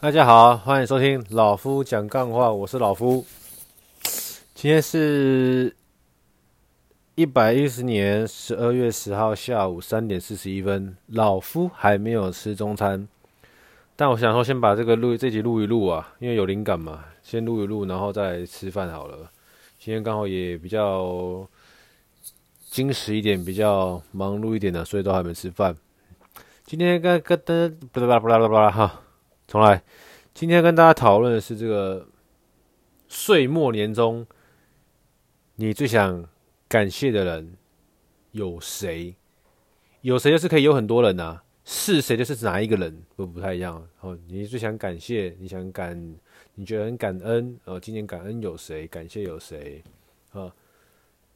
大家好，歡迎收聽老夫講幹話，我是老夫。今天是一百一十年十二月十號下午三點四十一分，老夫還沒有吃中餐，但我想說先把這個錄這集錄一錄啊，因為有靈感嘛，先錄一錄，然後再來吃飯好了。今天剛好也比較精實一點，比較忙碌一點的，所以都還沒吃飯。今天剛剛的不啦不啦啦不啦哈。重來，今天跟大家討論的是這個歲末年終，你最想感謝的人有誰？有誰就是可以有很多人吶，啊，是誰就是哪一個人會不，不太一樣。哦，你最想感謝，你想感，你覺得很感恩哦。今年感恩有誰？感謝有誰？啊，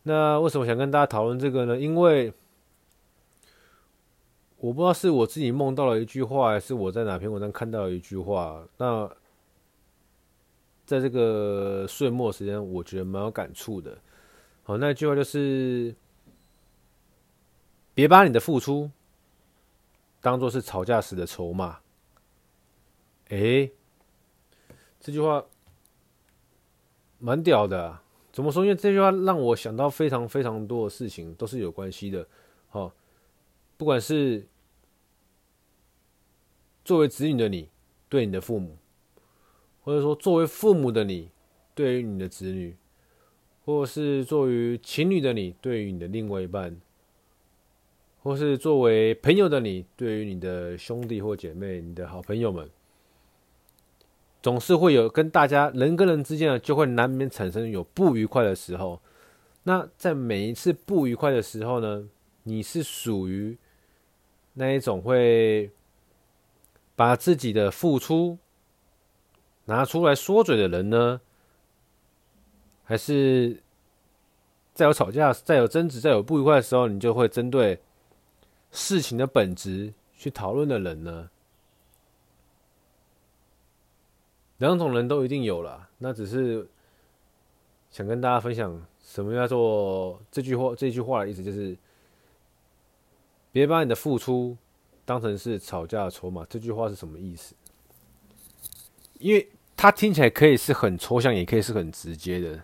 那為什麼想跟大家討論這個呢？因為。我不知道是我自己夢到了一句話，還是我在哪篇文章看到一句話。那，在這個歲末時間，我覺得蠻有感觸的。好，那句話就是：別把你的付出當做是吵架時的籌碼。誒，這句話蠻屌的啊。怎麼說？因為這句話讓我想到非常非常多的事情，都是有關係的。好，不管是。作為子女的你，對你的父母，或者說作為父母的你，對於你的子女，或是作為情侶的你，對於你的另外一半，或是作為朋友的你，對於你的兄弟或姐妹、你的好朋友們，總是會有跟大家人跟人之間呢，就會難免產生有不愉快的時候。那在每一次不愉快的時候呢，你是屬於那一種會？把自己的付出拿出來說嘴的人呢，還是在有吵架、在有爭執、在有不愉快的時候，你就會針對事情的本質去討論的人呢？兩種人都一定有啦。那只是想跟大家分享，什麼叫做這句話，這句話的意思就是，別把你的付出。當成是吵架的籌碼，這句話是什麼意思？因為它聽起來可以是很抽象，也可以是很直接的。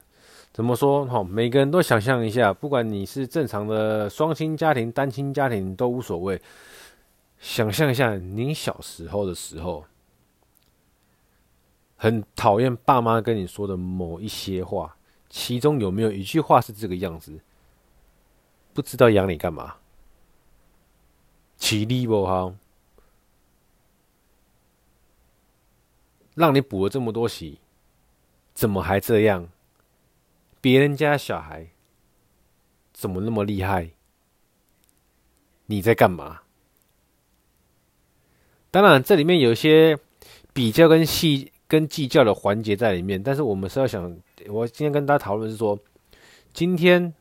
怎麼說？哈，每個人都想象一下，不管你是正常的雙親家庭、單親家庭都無所謂。想象一下，你小時候的時候，很討厭爸媽跟你說的某一些話，其中有沒有一句話是這個樣子？不知道養你幹嘛？起立不好。讓你補了這麼多習，怎麼還這樣？別人家小孩怎麼那麼厲害？你在幹嘛？當然，這裡面有些比較跟細跟計較的環節在裡面，但是我們是要想，我今天跟大家討論是說，今天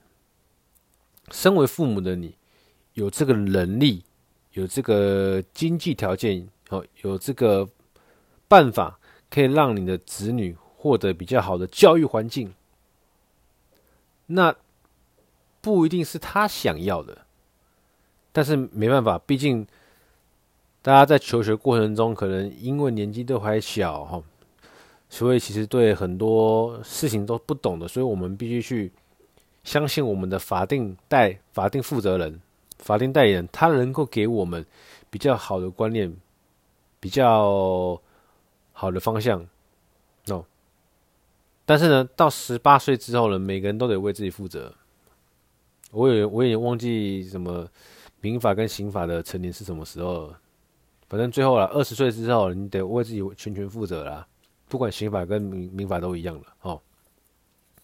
身為父母的你，有這個能力。有這個經濟條件，齁有這個辦法，可以讓你的子女獲得比較好的教育環境。那不一定是他想要的，但是沒辦法，畢竟大家在求學過程中，可能因為年紀都還小哈，所以其實對很多事情都不懂的，所以我們必須去相信我們的法定代、法定負責人。法定代理人，他能夠給我們比較好的觀念，比較好的方向，哦。但是呢，到十八歲之後呢，每個人都得為自己負責。我也我也忘記什麼民法跟刑法的成年是什麼時候了。反正最後了，二十歲之後，你得為自己全權負責啦。不管刑法跟民民法都一樣了，哦。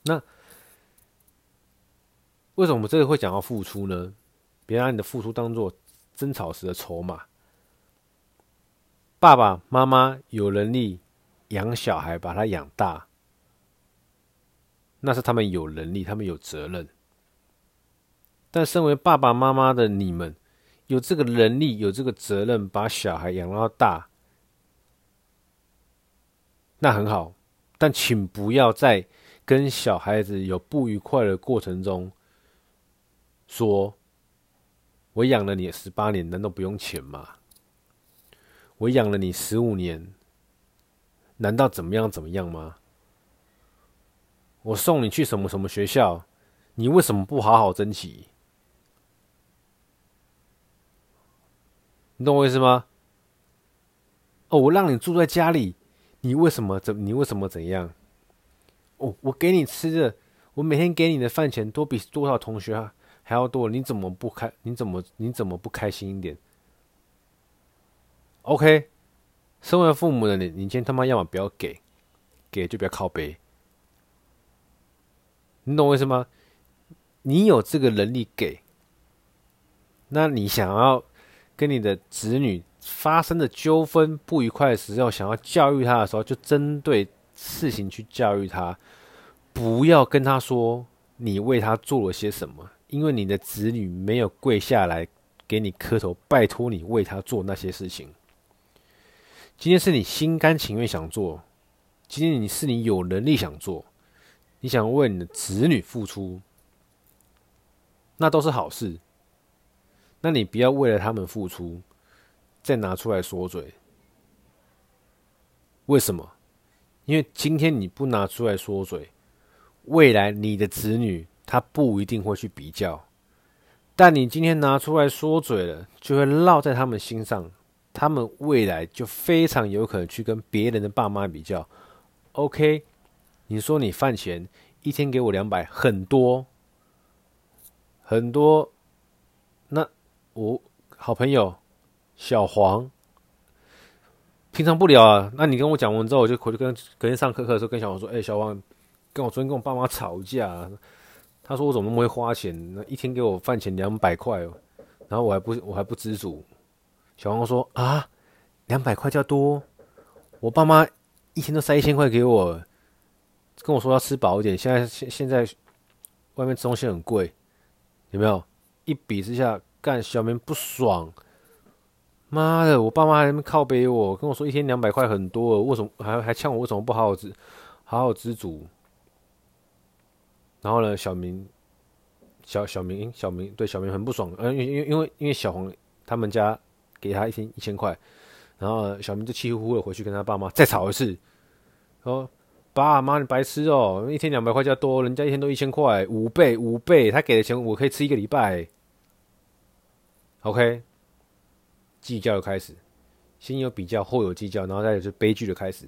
那為什麼我這裡會講到付出呢？別拿你的付出當作爭吵時的籌碼。爸爸媽媽有能力養小孩，把他養大，那是他們有能力，他們有責任。但身為爸爸媽媽的你們，有這個能力，有這個責任，把小孩養到大，那很好。但請不要在跟小孩子有不愉快的過程中說。我養了你十八年，難道不用錢嗎？我養了你十五年，難道怎麼樣怎麼樣嗎？我送你去什麼什麼學校，你為什麼不好好珍惜？你懂我意思嗎？哦，我讓你住在家裡，你為什麼怎你為什麼怎樣？哦，我給你吃的，我每天給你的飯錢都比多少同學啊？還要多？你怎麼不開？你怎麼你怎麼不開心一點？OK，身為父母的你，你先他媽要麼不要給，給就不要靠杯。你懂我意思嗎？你有這個能力給，那你想要跟你的子女發生的糾紛、不愉快的時候，想要教育他的時候，就針對事情去教育他，不要跟他說你為他做了些什麼。因為你的子女沒有跪下來給你磕頭，拜托你為他做那些事情。今天是你心甘情願想做，今天你是你有能力想做，你想為你的子女付出，那都是好事。那你不要為了他們付出，再拿出來說嘴。為什麼？因為今天你不拿出來說嘴，未來你的子女。他不一定會去比較，但你今天拿出來說嘴了，就會烙在他們心上。他們未來就非常有可能去跟別人的爸媽比較。OK，你說你飯錢一天給我兩百，很多很多。那我好朋友小黃，平常不聊啊。那你跟我講完之後，我就回去跟隔天上課課的時候跟小黃說：“哎，小黃，跟我昨天跟我爸媽吵架。”他說：“我怎麼那麼會花錢？那一天給我飯錢兩百塊，然後我還不我還不知足。”小黃說：“啊，兩百塊叫多？我爸媽一天都塞一千塊給我了，跟我說要吃飽一點。現在現在外面吃東西很貴，有沒有？一比之下，幹小明不爽。媽的，我爸媽還那靠背我，跟我說一天兩百塊很多了，為什麼還還嗆我？為什麼不好好知好好知足？”然後呢，小明，小小明，小明對小明很不爽，呃，因因因為因為小紅他們家給他一天一千塊，然後小明就氣呼呼的回去跟他爸媽再吵一次，說：“爸媽，你白癡哦，一天兩百塊錢多，人家一天都一千塊，五倍五倍，他給的錢我可以吃一個禮拜。”OK，計較的開始，先有比較後有計較，然後再就是悲劇的開始。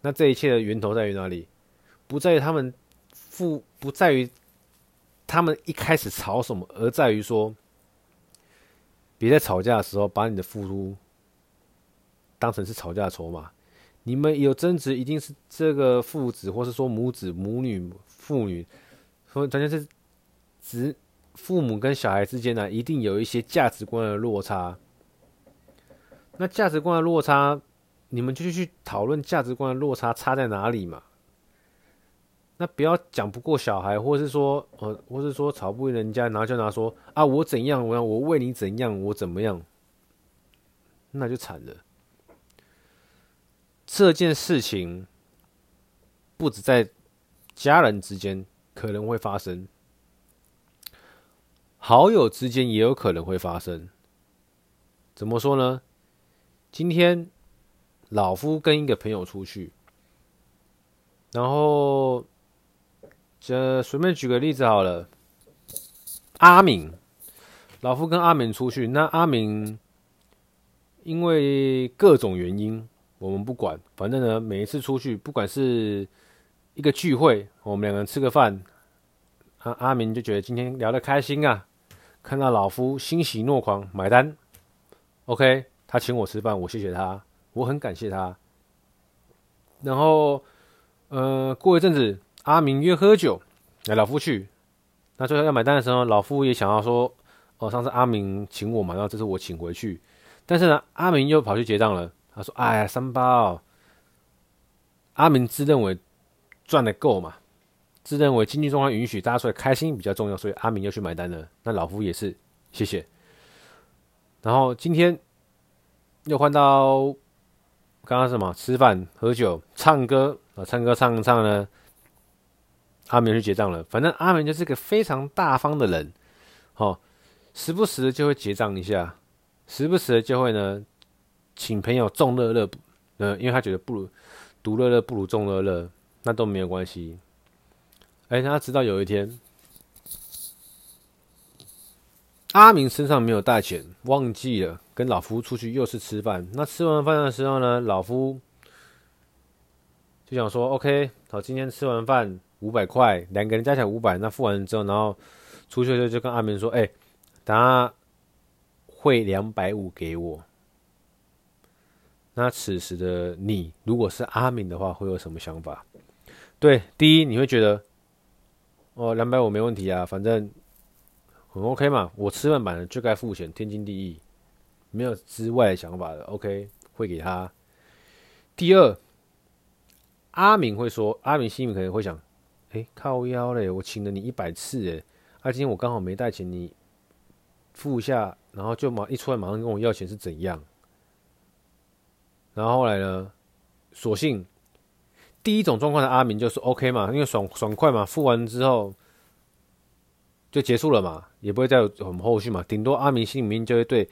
那這一切的源頭在於哪裡？不在於他們。付不在於他們一開始吵什麼，而在於說，別在吵架的時候把你的付出當成是吵架的籌碼。你們有爭執，一定是這個父子，或是說母子、母女、父女，所以咱等於是子父母跟小孩之間呢，一定有一些價值觀的落差。那價值觀的落差，你們就去討論價值觀的落差差在哪裡嘛。那不要講不過小孩，或是說，呃，或是說吵不贏人家，然後就拿說啊，我怎樣，我要我為你怎樣，我怎麼樣，那就慘了。這件事情不止在家人之間可能會發生，好友之間也有可能會發生。怎麼說呢？今天老夫跟一個朋友出去，然後。這隨便舉個例子好了，阿敏，老夫跟阿敏出去，那阿敏因為各種原因，我們不管，反正呢，每一次出去，不管是一個聚會，我們兩個人吃個飯，阿阿敏就覺得今天聊得開心啊，看到老夫欣喜若狂，買單，OK，他請我吃飯，我謝謝他，我很感謝他，然後呃，過一陣子。阿明約喝酒，來老夫去。那最後要買單的時候，老夫也想要說：“哦，上次阿明請我嘛，然後這次我請回去。”但是呢，阿明又跑去結賬了。他說：“哎呀，三八。”阿明自認為賺得夠嘛，自認為經濟狀況允許，大家出來開心比較重要，所以阿明又去買單了。那老夫也是，謝謝。然後今天又換到剛剛什麼吃飯、喝酒、唱歌啊，唱歌唱一唱呢，阿明去結賬了，反正阿明就是個非常大方的人，好，時不時的就會結賬一下，時不時的就會呢，請朋友眾樂樂，呃，因為他覺得不如獨樂樂不如眾樂樂，那都沒有關係。哎、欸，那直到有一天，阿明身上沒有帶錢，忘記了跟老夫出去又是吃飯，那吃完飯的時候呢，老夫就想說，OK，好，今天吃完飯。五百塊，兩個人加起來五百，那付完之後，然後出去的時候就跟阿明說：“哎、欸，他會匯兩百五給我。”那此時的你，如果是阿明的話，會有什麼想法？對，第一，你會覺得哦，兩百五沒問題啊，反正很 OK 嘛，我吃飯版的就該付錢，天經地義，沒有之外的想法的。OK，會給他。第二，阿明會說，阿明心裡可能會想。誒、欸，靠腰嘞！我請了你一百次誒，啊，今天我剛好沒帶錢，你付一下，然後就馬一出來馬上跟我要錢是怎樣？然後後來呢，索性，第一種狀況的阿明就是 OK 嘛，因為爽爽快嘛，付完之後就結束了嘛，也不會再有很後續嘛，頂多阿明心裡面就會對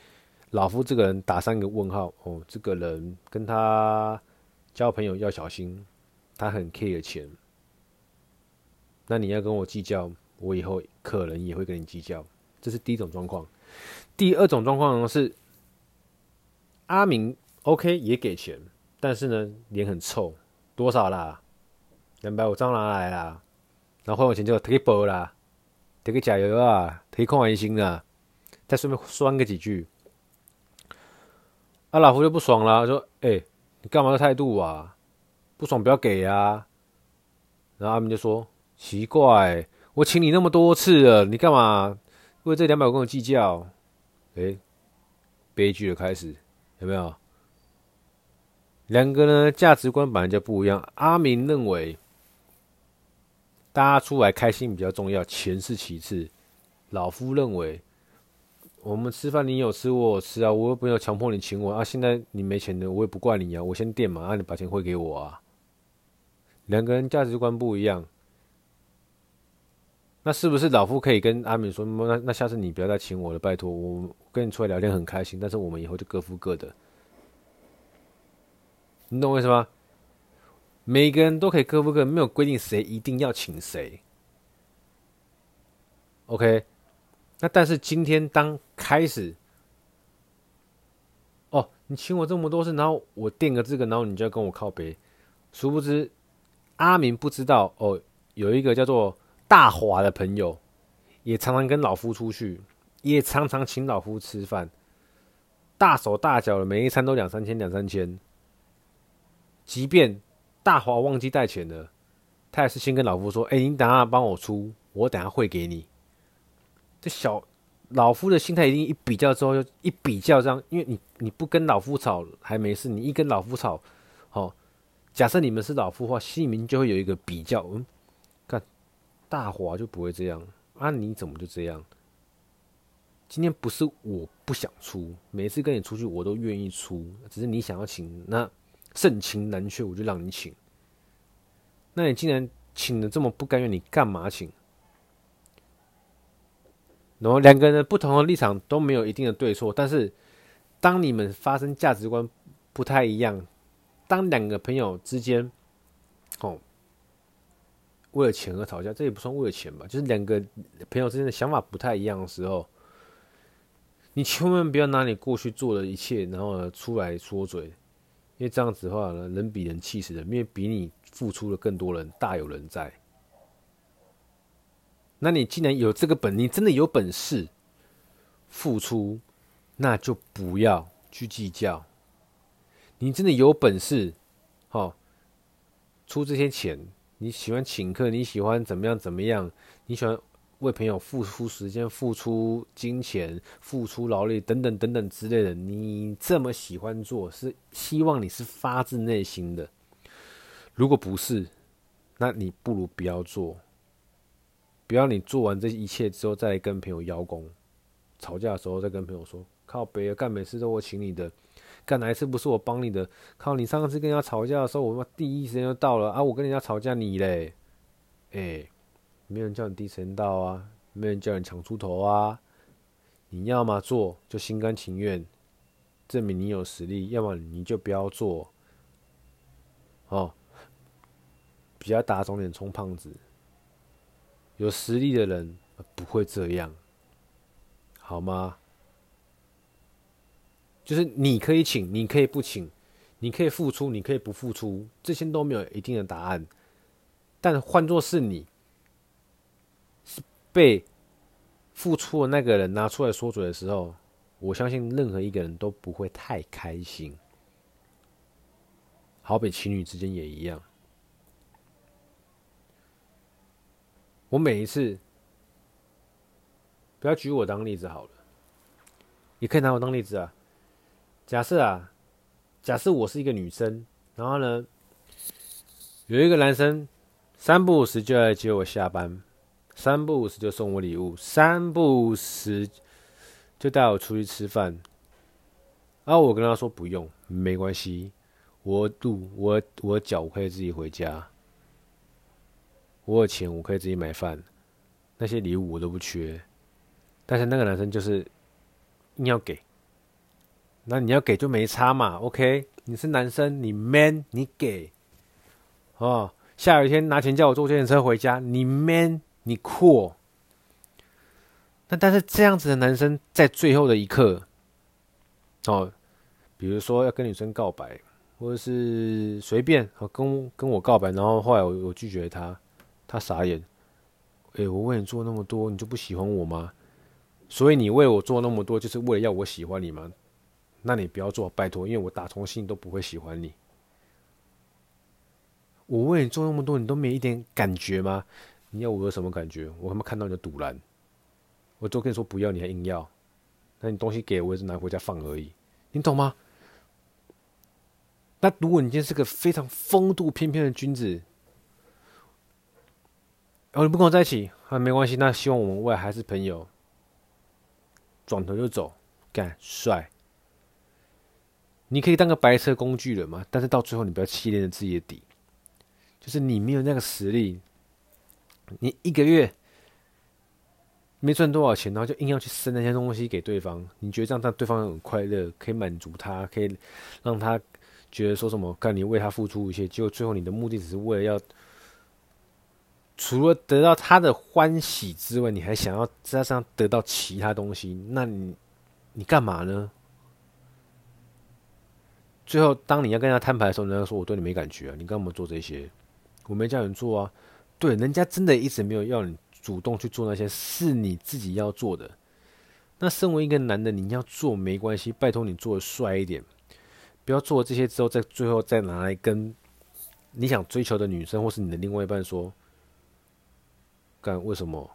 老夫這個人打三個問號哦，這個人跟他交朋友要小心，他很 care 的錢。那你要跟我計較，我以後可能也會跟你計較，這是第一種狀況。第二種狀況是阿明 OK 也給錢，但是呢，臉很臭，多少啦？兩百五張拿來啦，然後換我錢就可以補啦，貼個加油啊，貼個空安心啊，再順便酸個幾句，阿、啊、老夫就不爽了，說：“哎、欸，你幹嘛的態度啊？不爽不要給啊。”然後阿明就說。奇怪，我請你那麼多次了，你幹嘛為這兩百跟我計較？哎、欸，悲劇的開始，有沒有？兩個呢，價值觀本來就不一樣。阿明認為，大家出來開心比較重要，錢是其次。老夫認為，我們吃飯你有吃我有吃啊，我又沒有強迫你請我啊。現在你沒錢的，我也不怪你啊，我先墊嘛，啊你把錢匯給我啊。兩個人價值觀不一樣。那是不是老夫可以跟阿明說：“那那下次你不要再請我了，拜託，我跟你出來聊天很開心，但是我們以後就各付各的。”你懂我意思嗎？每個人都可以各付各，沒有規定誰一定要請誰。OK，那但是今天當開始哦，你請我這麼多次，然後我墊個這個，然後你就要跟我靠北，殊不知阿明不知道哦，有一個叫做……大華的朋友也常常跟老夫出去，也常常請老夫吃飯，大手大腳的，每一餐都兩三千兩三千。即便大華忘記帶錢了，他也是先跟老夫說：“哎、欸，你等下幫我出，我等下匯給你。”這小老夫的心態一定一比較之後，就一比較這樣，因為你你不跟老夫吵還沒事，你一跟老夫吵，好，假設你們是老夫的話，心裡面就會有一個比較。嗯大華就不會這樣，啊你怎麼就這樣？今天不是我不想出，每次跟你出去我都願意出，只是你想要請，那盛情難卻，我就讓你請。那你既然請的這麼不甘願，你干嘛請？然後兩個人的不同的立場都沒有一定的對錯，但是當你們發生價值觀不太一樣，當兩個朋友之間，哦。為了錢而吵架，這也不算為了錢吧？就是兩個朋友之間的想法不太一樣的時候，你千萬不要拿你過去做的一切，然後出來說嘴。因為這樣子的話，人比人氣死人，因為比你付出了更多人大有人在。那你既然有這個本，你真的有本事付出，那就不要去計較。你真的有本事，哦，出這些錢。你喜歡請客，你喜歡怎麼樣怎麼樣？你喜歡為朋友付出時間、付出金錢、付出勞力等等等等之類的。你這麼喜歡做，是希望你是發自內心的。如果不是，那你不如不要做。不要你做完這一切之後再跟朋友邀功。吵架的時候再跟朋友說，靠北啊！幹每件事都我請你的。幹哪一次不是我幫你的？靠！你上次跟人家吵架的時候，我第一時間就到了啊！我跟人家吵架你，你嘞？誒，沒人叫你第一時間到啊，沒人叫你搶出頭啊！你要嘛做就心甘情願，證明你有實力；要麼你就不要做。哦，比較打腫臉充胖子。有實力的人不會這樣，好嗎？就是你可以請，你可以不請，你可以付出，你可以不付出，這些都沒有一定的答案。但換作是你，是被付出的那個人拿出來說嘴的時候，我相信任何一個人都不會太開心。好比情侶之間也一樣，我每一次不要舉我當例子好了，你可以拿我當例子啊。假設啊，假設我是一個女生，然後呢，有一個男生三不五時就來接我下班，三不五時就送我禮物，三不五時就帶我出去吃飯，然後啊，我跟他說不用，沒關係，我肚，我我腳，我可以自己回家，我有錢我可以自己買飯，那些禮物我都不缺，但是那個男生就是硬要給。那你要給就沒差嘛，OK？你是男生，你 man，你給哦。下雨天拿錢叫我坐計程車回家，你 man，你 cool。那但是這樣子的男生，在最後的一刻，哦，比如說要跟女生告白，或者是隨便和、哦、跟跟我告白，然後後來我我拒絕他，他傻眼。誒、欸，我為你做那麼多，你就不喜歡我嗎？所以你為我做那麼多，就是為了要我喜歡你嗎？那你不要做，拜託，因為我打從心裡都不會喜歡你。我為你做那麼多，你都沒一點感覺嗎？你要我有什麼感覺？我他媽看到你就賭爛，我都跟你說不要，你還硬要。那你東西給我也是拿回家放而已，你懂嗎？那如果你今天是個非常風度翩翩的君子，哦，你不跟我在一起，啊，沒關係，那希望我們未來還是朋友。轉頭就走，幹，帥。你可以當個白痴工具人嘛，但是到最後你不要欺騙了自己的底，就是你沒有那個實力，你一個月沒賺多少錢，然後就硬要去生那些東西給對方，你覺得這樣他對方很快樂，可以滿足他，可以讓他覺得說什麼，看你為他付出一些，結果最後你的目的只是為了要除了得到他的歡喜之外，你還想要在他身上得到其他東西，那你你干嘛呢？最後，當你要跟他攤牌的時候，人家說：“我對你沒感覺啊，你幹嘛做這些？我沒叫你做啊。”對，人家真的一直沒有要你主動去做那些，是你自己要做的。那身為一個男的，你要做沒關係，拜托你做的帥一點，不要做這些之後，再最後再拿來跟你想追求的女生或是你的另外一半說：“幹，為什麼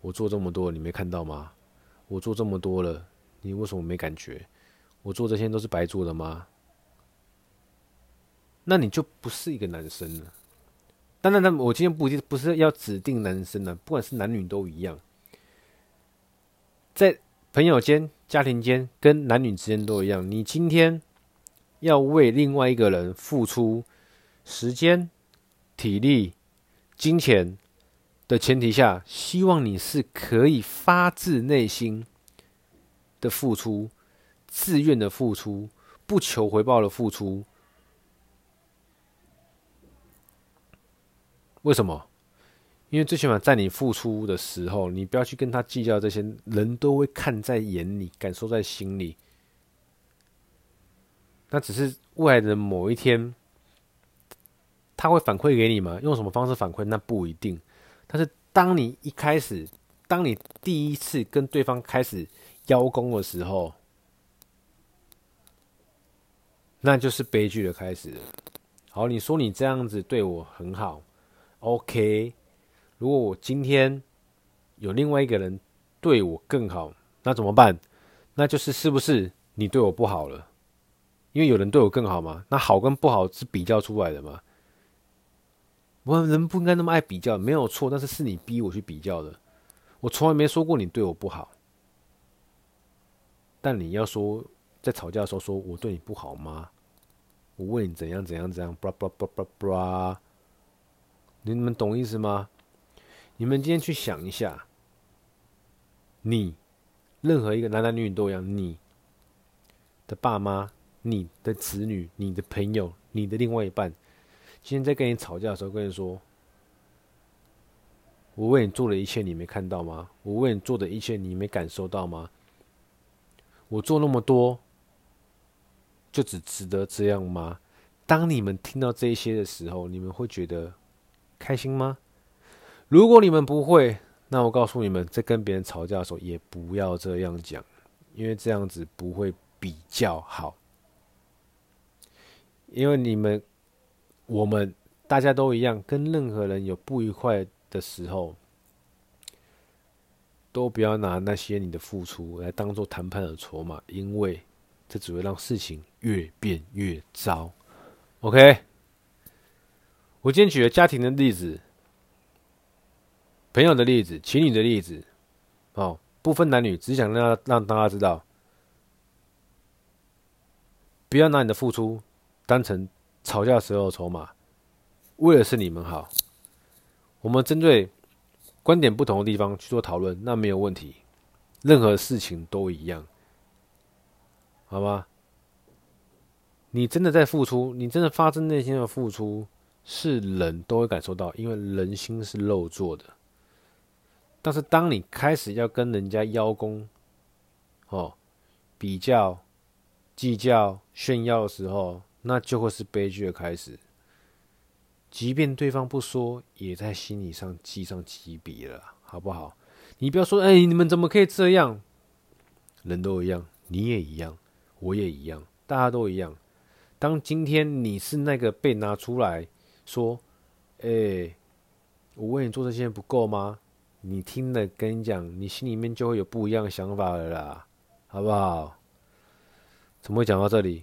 我做這麼多，你沒看到嗎？我做這麼多了，你為什麼沒感覺？我做這些都是白做的嗎？”那你就不是一個男生了。當然，那我今天不一定不是要指定男生了，不管是男女都一樣，在朋友間、家庭間跟男女之間都一樣。你今天要為另外一個人付出時間、體力、金錢的前提下，希望你是可以發自內心的付出、自願的付出、不求回報的付出。為什麼？因為最起碼在你付出的時候，你不要去跟他計較這些，人都會看在眼裡，感受在心裡。那只是未來的某一天，他會反饋給你嗎？用什麼方式反饋？那不一定。但是當你一開始，當你第一次跟對方開始邀功的時候，那就是悲劇的開始。好，你說你這樣子對我很好。OK，如果我今天有另外一個人對我更好，那怎麼辦？那就是是不是你對我不好了？因為有人對我更好嘛？那好跟不好是比較出來的嘛？我們人不應該那麼愛比較，沒有錯。但是是你逼我去比較的，我從來沒說過你對我不好。但你要說在吵架的時候說我對你不好嗎？我問你怎樣怎樣怎樣，叭叭叭叭叭。你們懂意思嗎？你們今天去想一下，你任何一個男男女女都一樣，你的爸媽、你的子女、你的朋友、你的另外一半，今天在跟你吵架的時候，跟你說：“我為你做的一切，你沒看到嗎？我為你做的一切，你沒感受到嗎？我做那麼多，就只值得這樣嗎？”當你們聽到這一些的時候，你們會覺得。開心嗎？如果你們不會，那我告訴你們，在跟別人吵架的時候，也不要這樣講，因為這樣子不會比較好。因為你們、我們大家都一樣，跟任何人有不愉快的時候，都不要拿那些你的付出來當做談判的籌碼，因為這只會讓事情越變越糟。OK。我今天舉了家庭的例子、朋友的例子、情侶的例子，哦，不分男女，只想讓他讓大家知道，不要拿你的付出當成吵架時候籌碼，為的是你們好。我們針對觀點不同的地方去做討論，那沒有問題，任何事情都一樣，好嗎？你真的在付出，你真的發自內心的付出，是人都會感受到，因為人心是肉做的。但是，當你開始要跟人家邀功，哦，比較、計較、炫耀的時候，那就會是悲劇的開始。即便對方不說，也在心理上記上幾筆了，好不好？你不要說，哎、欸，你們怎麼可以這樣？人都一樣，你也一樣，我也一樣，大家都一樣。當今天你是那個被拿出來說，哎、欸，我為你做這些不夠嗎？你聽了跟你講，你心裡面就會有不一樣的想法了啦，好不好？怎麼會講到這裡？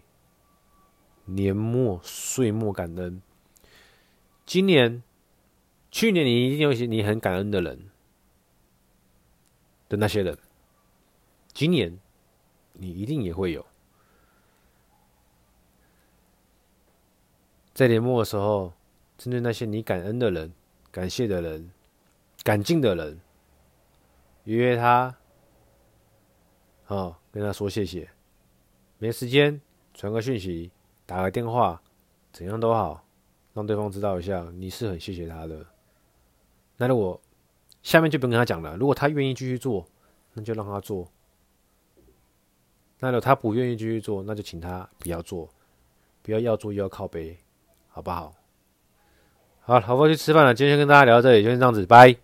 年末歲末感恩，今年、去年你一定有些你很感恩的人的那些人，今年你一定也會有，在年末的時候。針對那些你感恩的人、感謝的人、感激的人，約他，哦，跟他說謝謝。沒時間，傳個訊息，打個電話，怎樣都好，讓對方知道一下你是很謝謝他的。那如果下面就不用跟他講了。如果他願意繼續做，那就讓他做。那如果他不願意繼續做，那就請他不要做，不要要做又要靠背，好不好？好了，老婆去吃飯了，今天跟大家聊到這裡，就先這樣子，拜。